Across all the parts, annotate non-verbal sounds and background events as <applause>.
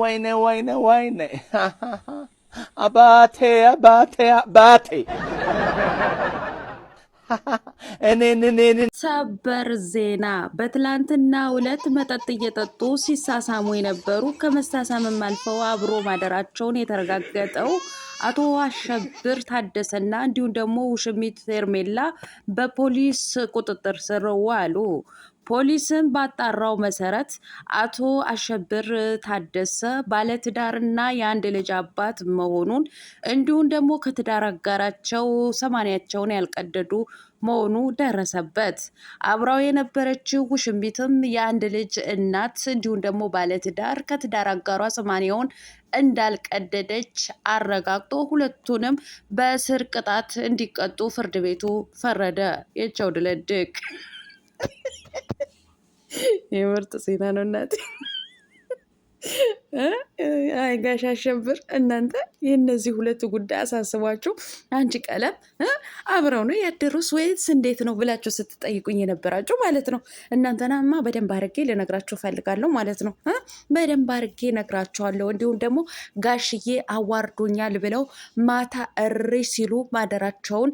ወይኔ ወይኔ ወይኔ <laughs> አባቴ አባቴ አባቴ <laughs> ሰበር ዜና በትላንትና ሁለት መጠጥ እየጠጡ ሲሳሳሙ የነበሩ ከመሳሳምም አልፈው አብሮ ማደራቸውን የተረጋገጠው አቶ አሸብር ታደሰና እንዲሁም ደግሞ ውሽሚት ሄርሜላ በፖሊስ ቁጥጥር ስር ዋሉ። ፖሊስን ባጣራው መሰረት አቶ አሸብር ታደሰ ባለትዳርና የአንድ ልጅ አባት መሆኑን እንዲሁም ደግሞ ከትዳር አጋራቸው ሰማንያቸውን ያልቀደዱ መሆኑ ደረሰበት። አብራው የነበረችው ውሽሚትም የአንድ ልጅ እናት እንዲሁም ደግሞ ባለትዳር ከትዳር አጋሯ ሰማንያውን እንዳልቀደደች አረጋግጦ ሁለቱንም በእስር ቅጣት እንዲቀጡ ፍርድ ቤቱ ፈረደ። የቸው ድለድቅ <laughs> የምርጥ ዜና ነው እናቴ። አይ አሸብር እናንተ የእነዚህ ሁለት ጉዳይ አሳስቧችሁ አንቺ ቀለም አብረው ነው ያደሩስ ወይስ እንዴት ነው ብላችሁ ስትጠይቁኝ የነበራችሁ ማለት ነው። እናንተናማ በደንብ አርጌ ልነግራችሁ እፈልጋለሁ ማለት ነው። በደንብ አርጌ ነግራችኋለሁ። እንዲሁም ደግሞ ጋሽዬ አዋርዶኛል ብለው ማታ እሪ ሲሉ ማደራቸውን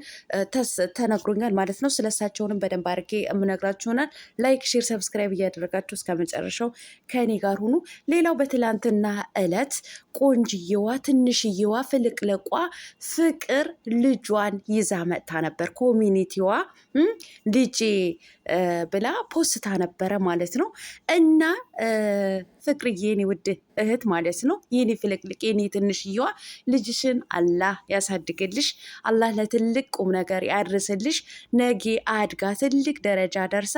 ተነግሮኛል ማለት ነው። ስለሳቸውንም በደንብ አርጌ የምነግራችሁናል። ላይክ፣ ሼር፣ ሰብስክራይብ እያደረጋችሁ እስከመጨረሻው ከእኔ ጋር ሁኑ። ሌላው በትላንትና ዕለት ቆንጅየዋ ትንሽየዋ ፍልቅለቋ ፍቅር ልጇን ይዛ መጥታ ነበር። ኮሚኒቲዋ ልጄ ብላ ፖስታ ነበረ ማለት ነው እና ፍቅርዬ፣ የኔ ውድ እህት ማለት ነው፣ የኔ ፍልቅልቅ፣ የኔ ትንሽዬዋ ልጅሽን አላህ ያሳድግልሽ። አላህ ለትልቅ ቁም ነገር ያድርስልሽ። ነጌ አድጋ ትልቅ ደረጃ ደርሳ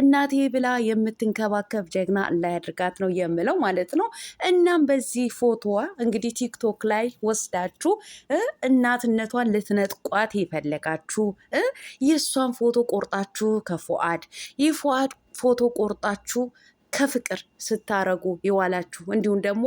እናቴ ብላ የምትንከባከብ ጀግና አላህ ያድርጋት ነው የምለው ማለት ነው። እናም በዚህ ፎቶዋ እንግዲህ ቲክቶክ ላይ ወስዳችሁ እናትነቷን ልትነጥቋት የፈለጋችሁ የእሷን ፎቶ ቆርጣችሁ ከፎአድ ይህ ፎአድ ፎቶ ቆርጣችሁ ከፍቅር ስታረጉ የዋላችሁ እንዲሁም ደግሞ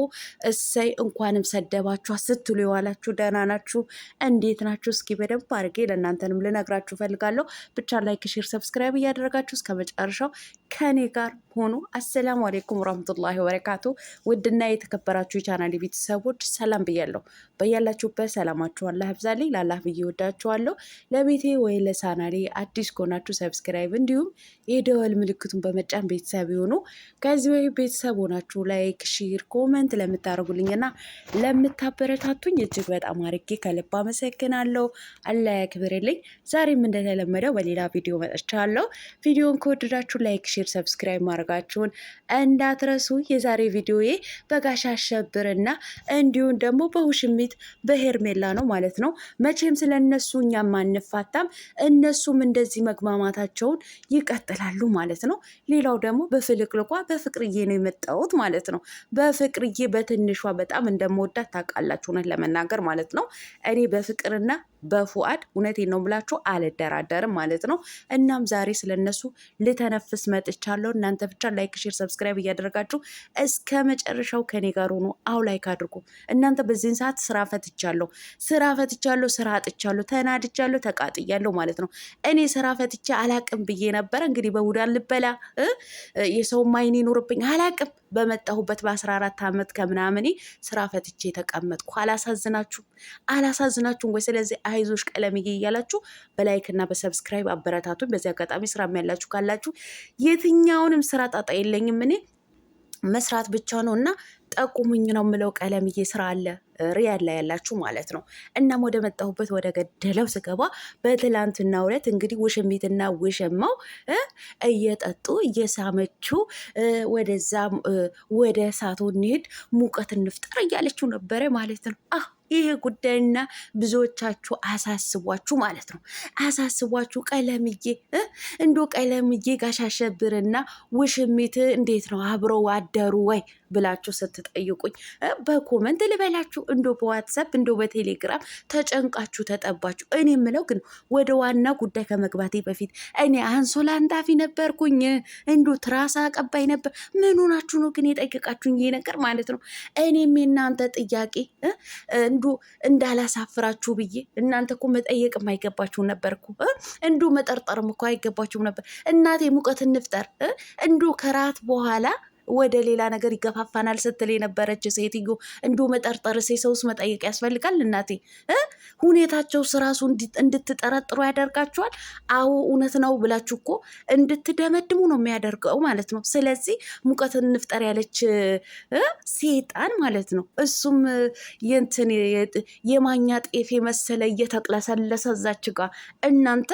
እሰይ እንኳንም ሰደባችኋ ስትሉ የዋላችሁ ደህና ናችሁ? እንዴት ናችሁ? እስኪ በደንብ አድርጌ ለእናንተንም ልነግራችሁ ፈልጋለሁ። ብቻ ላይክ፣ ሼር፣ ሰብስክራይብ እያደረጋችሁ እስከ መጨረሻው ከኔ ጋር ሆኖ አሰላሙ አሌይኩም ወራህመቱላሂ ወበረካቱ። ውድና የተከበራችሁ የቻናል ቤተሰቦች ሰላም ብያለሁ። በያላችሁበት ሰላማችሁ አላህ ብዛሌ ላላህ ብዬ ወዳችኋለሁ። ለቤቴ ወይ ለቻናሌ አዲስ ከሆናችሁ ሰብስክራይብ፣ እንዲሁም የደወል ምልክቱን በመጫን ቤተሰብ የሆኑ ከዚህ ወይ ቤተሰብ ሆናችሁ ላይክ፣ ሺር፣ ኮመንት ለምታደርጉልኝና ለምታበረታቱኝ እጅግ በጣም አርጌ ከልብ አመሰግናለሁ። አላህ ያክብርልኝ። ዛሬም እንደተለመደው በሌላ ቪዲዮ መጥቻለሁ። ቪዲዮን ከወደዳችሁ ላይክ፣ ሼር፣ ሰብስክራይብ ማድረግ ማድረጋችሁን እንዳትረሱ። የዛሬ ቪዲዮዬ በጋሽ አሸብርና እንዲሁም ደግሞ በውሽሚት በሄርሜላ ነው ማለት ነው። መቼም ስለ እነሱ እኛም አንፋታም፣ እነሱም እንደዚህ መግማማታቸውን ይቀጥላሉ ማለት ነው። ሌላው ደግሞ በፍልቅልቋ በፍቅርዬ ነው የመጣሁት ማለት ነው። በፍቅርዬ በትንሿ በጣም እንደምወዳት ታውቃላችሁ፣ እውነት ለመናገር ማለት ነው እኔ በፍቅርና በፉአድ እውነቴን ነው ብላችሁ አልደራደርም ማለት ነው። እናም ዛሬ ስለነሱ ልተነፍስ መጥቻለሁ። እናንተ ብቻ ላይክ፣ ሼር፣ ሰብስክራይብ እያደረጋችሁ እስከ መጨረሻው ከኔ ጋር ሆኖ አው ላይክ አድርጉ። እናንተ በዚህን ሰዓት ስራ ፈትቻለሁ፣ ስራ ፈትቻለሁ፣ ስራ አጥቻለሁ፣ ተናድቻለሁ፣ ተቃጥያለሁ ማለት ነው። እኔ ስራ ፈትቼ አላቅም ብዬ ነበረ። እንግዲህ በቡዳን ልበላ የሰው ማይን ይኖርብኝ አላቅም። በመጣሁበት በአስራ አራት ዓመት ከምናምኔ ስራ ፈትቼ ተቀመጥኩ። አላሳዝናችሁም? አላሳዝናችሁም ወይ? ስለዚህ አይዞሽ ቀለምዬ እያላችሁ በላይክና በሰብስክራይብ አበረታቱን። በዚህ አጋጣሚ ስራ ያላችሁ ካላችሁ የትኛውንም ስራ ጣጣ የለኝም እኔ መስራት ብቻ ነው እና ጠቁሙኝ ነው የምለው። ቀለምዬ ስራ አለ ሪያድ ላይ ያላችሁ ማለት ነው። እናም ወደ መጣሁበት ወደ ገደለው ስገባ በትላንትና ውለት እንግዲህ ውሽሚትና ውሽማው እየጠጡ እየሳመችው ወደዛ ወደ እሳቱ እንሄድ ሙቀት እንፍጠር እያለችው ነበረ ማለት ነው። ይሄ ጉዳይና ብዙዎቻችሁ አሳስቧችሁ ማለት ነው። አሳስቧችሁ ቀለምዬ እንዶ ቀለምዬ ጋሻሸብርና ውሽሚት እንዴት ነው አብረው አደሩ ወይ ብላችሁ ስትጠይቁኝ በኮመንት ልበላችሁ፣ እንዶ በዋትሳፕ እንዶ በቴሌግራም ተጨንቃችሁ ተጠባችሁ። እኔ ምለው ግን ወደ ዋና ጉዳይ ከመግባቴ በፊት እኔ አንሶላ አንጣፊ ነበርኩኝ፣ እንዶ ትራስ አቀባይ ነበር። ምን ሆናችሁ ነው ግን የጠየቃችሁኝ ይሄ ነገር ማለት ነው? እኔም የእናንተ ጥያቄ እንዱ እንዳላሳፍራችሁ ብዬ እናንተ እኮ መጠየቅ አይገባችሁም ነበር እኮ እንዱ መጠርጠርም እኮ አይገባችሁም ነበር። እናቴ ሙቀት እንፍጠር እንዱ ከራት በኋላ ወደ ሌላ ነገር ይገፋፋናል ስትል የነበረች ሴትዮ መጠርጠር ሴ ሰውስ መጠየቅ ያስፈልጋል እናቴ። ሁኔታቸው ስራሱ እንድትጠረጥሩ ያደርጋችኋል። አዎ እውነት ነው ብላችሁ እኮ እንድትደመድሙ ነው የሚያደርገው ማለት ነው። ስለዚህ ሙቀት እንፍጠር ያለች ሴጣን ማለት ነው። እሱም የንትን የማኛ ጤፍ የመሰለ እየተቅለሰለሰ እዛች ጋር እናንተ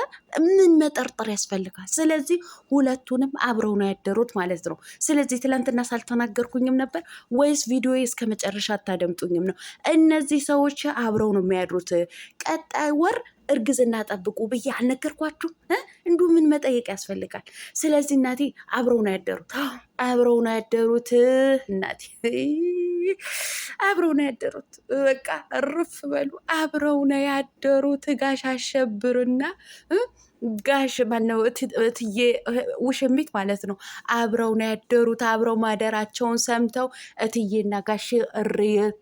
ምን መጠርጠር ያስፈልጋል? ስለዚህ ሁለቱንም አብረው ነው ያደሩት ማለት ነው። ስለዚህ ትላንት ትናንትና ሳልተናገርኩኝም ነበር ወይስ ቪዲዮ እስከ መጨረሻ አታደምጡኝም ነው? እነዚህ ሰዎች አብረው ነው የሚያድሩት። ቀጣይ ወር እርግዝና ጠብቁ ብዬ አልነገርኳችሁ? እንዲሁ ምን መጠየቅ ያስፈልጋል? ስለዚህ እናቴ አብረው ነው ያደሩት፣ አብረው ነው ያደሩት፣ እናቴ አብረው ነው ያደሩት። በቃ እርፍ በሉ። አብረው ነው ያደሩት ጋሽ አሸብርና ጋሽ ማነው እትዬ ውሽሚት ማለት ነው። አብረው ነው ያደሩት። አብረው ማደራቸውን ሰምተው እትዬና ጋሽ እሪ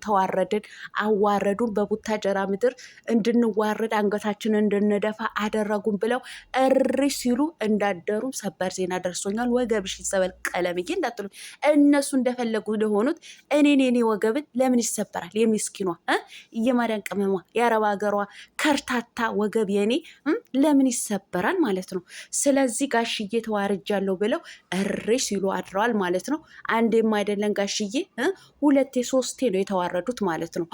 ተዋረድን፣ አዋረዱን። በቡታጀራ ምድር እንድንዋረድ አንገታችን እንድንደፋ አደረጉን ብለው እሪ ሲሉ እንዳደሩ ሰበር ዜና ደርሶኛል። ወገብሽ ይሰበል ቀለምዬ እንዳትሉ። እነሱ እንደፈለጉ ለሆኑት እኔ ወገብን ለምን ይሰበራል? የሚስኪኗ የማዳን ቅመሟ የአረብ ሀገሯ ከርታታ ወገብ የኔ ለምን ይሰበራል ማለት ነው። ስለዚህ ጋሽዬ ተዋርጃለሁ ብለው እሬ ሲሉ አድረዋል ማለት ነው። አንዴም አይደለም ጋሽዬ ሁለቴ ሶስቴ ነው የተዋረዱት ማለት ነው።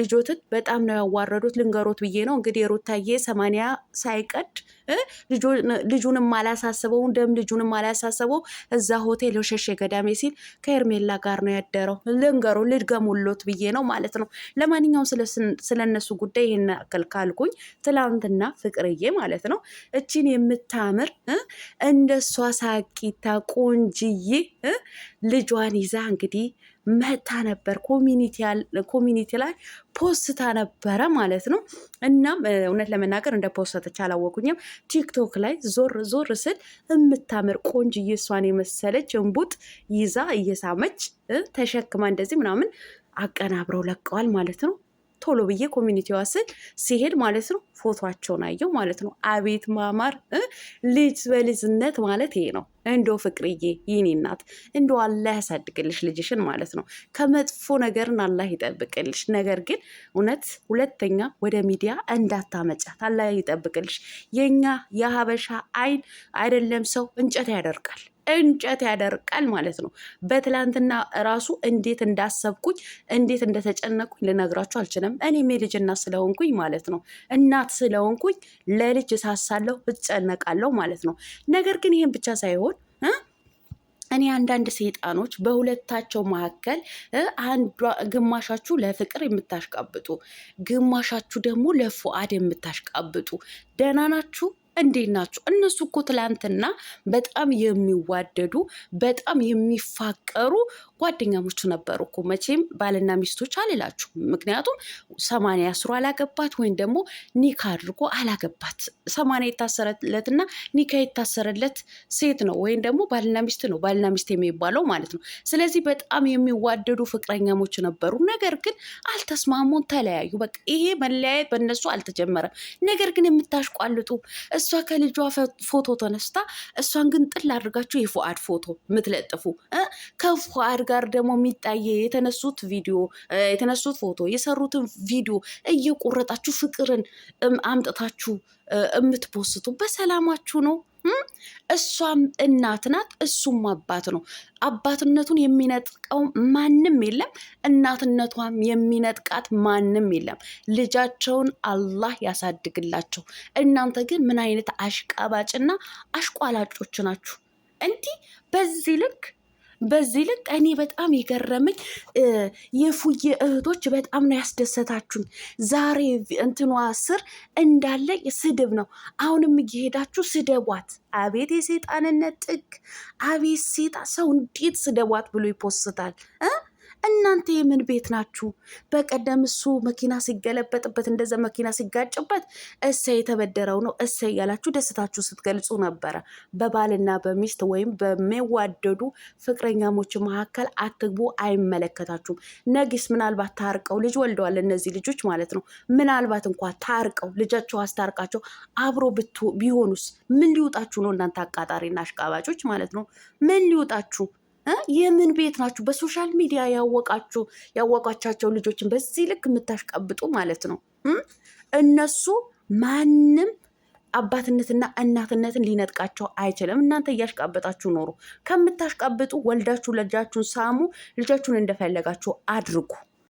ልጆትን በጣም ነው ያዋረዱት። ልንገሮት ብዬ ነው እንግዲህ የሩታዬ ሰማንያ ሳይቀድ ልጁንም አላሳስበው እንደም ልጁንም አላሳስበው እዛ ሆቴል ሸሼ ገዳሜ ሲል ከኤርሜላ ጋር ነው ያደረው። ልንገሩ ልድገሙሎት ብዬ ነው ማለት ነው። ለማንኛውም ስለነሱ ጉዳይ ይህን ያክል ካልኩኝ፣ ትላንትና ፍቅርዬ ማለት ነው እችን የምታምር እንደሷ ሳቂታ ቆንጅዬ ልጇን ይዛ እንግዲህ መታ ነበር ኮሚኒቲ ላይ ፖስታ ነበረ ማለት ነው። እናም እውነት ለመናገር እንደ ፖስተች አላወቁኝም። ቲክቶክ ላይ ዞር ዞር ስል የምታምር ቆንጅ እሷን የመሰለች እንቡጥ ይዛ እየሳመች ተሸክማ እንደዚህ ምናምን አቀናብረው ለቀዋል ማለት ነው። ቶሎ ብዬ ኮሚኒቲዋ ስል ሲሄድ ማለት ነው ፎቶቸውን አየው ማለት ነው። አቤት ማማር ልጅ በልጅነት ማለት ይሄ ነው። እንዶ ፍቅርዬ ይኔ እናት እንዶ አላህ ያሳድግልሽ ልጅሽን ማለት ነው። ከመጥፎ ነገርን አላህ ይጠብቅልሽ። ነገር ግን እውነት ሁለተኛ ወደ ሚዲያ እንዳታመጫት አላህ ይጠብቅልሽ። የኛ የሀበሻ አይን አይደለም ሰው እንጨት ያደርጋል። እንጨት ያደርቃል ማለት ነው። በትላንትና ራሱ እንዴት እንዳሰብኩኝ እንዴት እንደተጨነቁኝ ልነግራችሁ አልችልም። እኔም የልጅ እናት ስለሆንኩኝ ማለት ነው። እናት ስለሆንኩኝ ለልጅ እሳሳለሁ፣ እጨነቃለሁ ማለት ነው። ነገር ግን ይህን ብቻ ሳይሆን እኔ አንዳንድ ሰይጣኖች በሁለታቸው መካከል አንዷ ግማሻችሁ ለፍቅር የምታሽቃብጡ፣ ግማሻችሁ ደግሞ ለፉአድ የምታሽቃብጡ ደህና ናችሁ? እንዴት ናችሁ? እነሱ እኮ ትላንትና በጣም የሚዋደዱ በጣም የሚፋቀሩ ጓደኛሞች ነበሩ እኮ። መቼም ባልና ሚስቶች አልላችሁ፣ ምክንያቱም ሰማንያ አስሮ አላገባት ወይም ደግሞ ኒካ አድርጎ አላገባት። ሰማንያ የታሰረለትና ኒካ የታሰረለት ሴት ነው ወይም ደግሞ ባልና ሚስት ነው፣ ባልና ሚስት የሚባለው ማለት ነው። ስለዚህ በጣም የሚዋደዱ ፍቅረኛሞች ነበሩ። ነገር ግን አልተስማሙን፣ ተለያዩ። በቃ ይሄ መለያየት በእነሱ አልተጀመረም። ነገር ግን የምታሽቋልጡ እሷ ከልጇ ፎቶ ተነስታ እሷን ግን ጥል አድርጋችሁ የፉአድ ፎቶ የምትለጥፉ ከፉአድ ጋር ደግሞ የሚታየ የተነሱት ቪዲዮ የተነሱት ፎቶ የሰሩትን ቪዲዮ እየቆረጣችሁ ፍቅርን አምጥታችሁ የምትፖስቱ በሰላማችሁ ነው። እሷም እናት ናት፣ እሱም አባት ነው። አባትነቱን የሚነጥቀው ማንም የለም፣ እናትነቷም የሚነጥቃት ማንም የለም። ልጃቸውን አላህ ያሳድግላቸው። እናንተ ግን ምን አይነት አሽቃባጭና አሽቋላጮች ናችሁ? እንዲህ በዚህ ልክ በዚህ ልክ እኔ በጣም የገረመኝ የፉዬ እህቶች በጣም ነው ያስደሰታችሁኝ። ዛሬ እንትኗ ስር እንዳለ ስድብ ነው። አሁንም እየሄዳችሁ ስደቧት። አቤት የሴጣንነት ጥግ! አቤት ሴጣ ሰው እንዴት ስደቧት ብሎ ይፖስታል እ እናንተ የምን ቤት ናችሁ? በቀደም እሱ መኪና ሲገለበጥበት እንደዚ መኪና ሲጋጭበት እሰይ የተበደረው ነው እሰይ ያላችሁ ደስታችሁ ስትገልጹ ነበረ። በባልና በሚስት ወይም በሚዋደዱ ፍቅረኛሞች መካከል አትግቡ፣ አይመለከታችሁም። ነጊስ ምናልባት ታርቀው ልጅ ወልደዋል እነዚህ ልጆች ማለት ነው። ምናልባት እንኳ ታርቀው ልጃቸው አስታርቃቸው አብሮ ቢሆኑስ ምን ሊውጣችሁ ነው? እናንተ አቃጣሪና አሽቃባጮች ማለት ነው ምን ሊውጣችሁ የምን ቤት ናችሁ? በሶሻል ሚዲያ ያወቃችሁ ያወቃቻቸው ልጆችን በዚህ ልክ የምታሽቀብጡ ማለት ነው። እነሱ ማንም አባትነትና እናትነትን ሊነጥቃቸው አይችልም። እናንተ እያሽቃበጣችሁ ኖሩ። ከምታሽቃብጡ ወልዳችሁ ልጃችሁን ሳሙ። ልጃችሁን እንደፈለጋችሁ አድርጉ።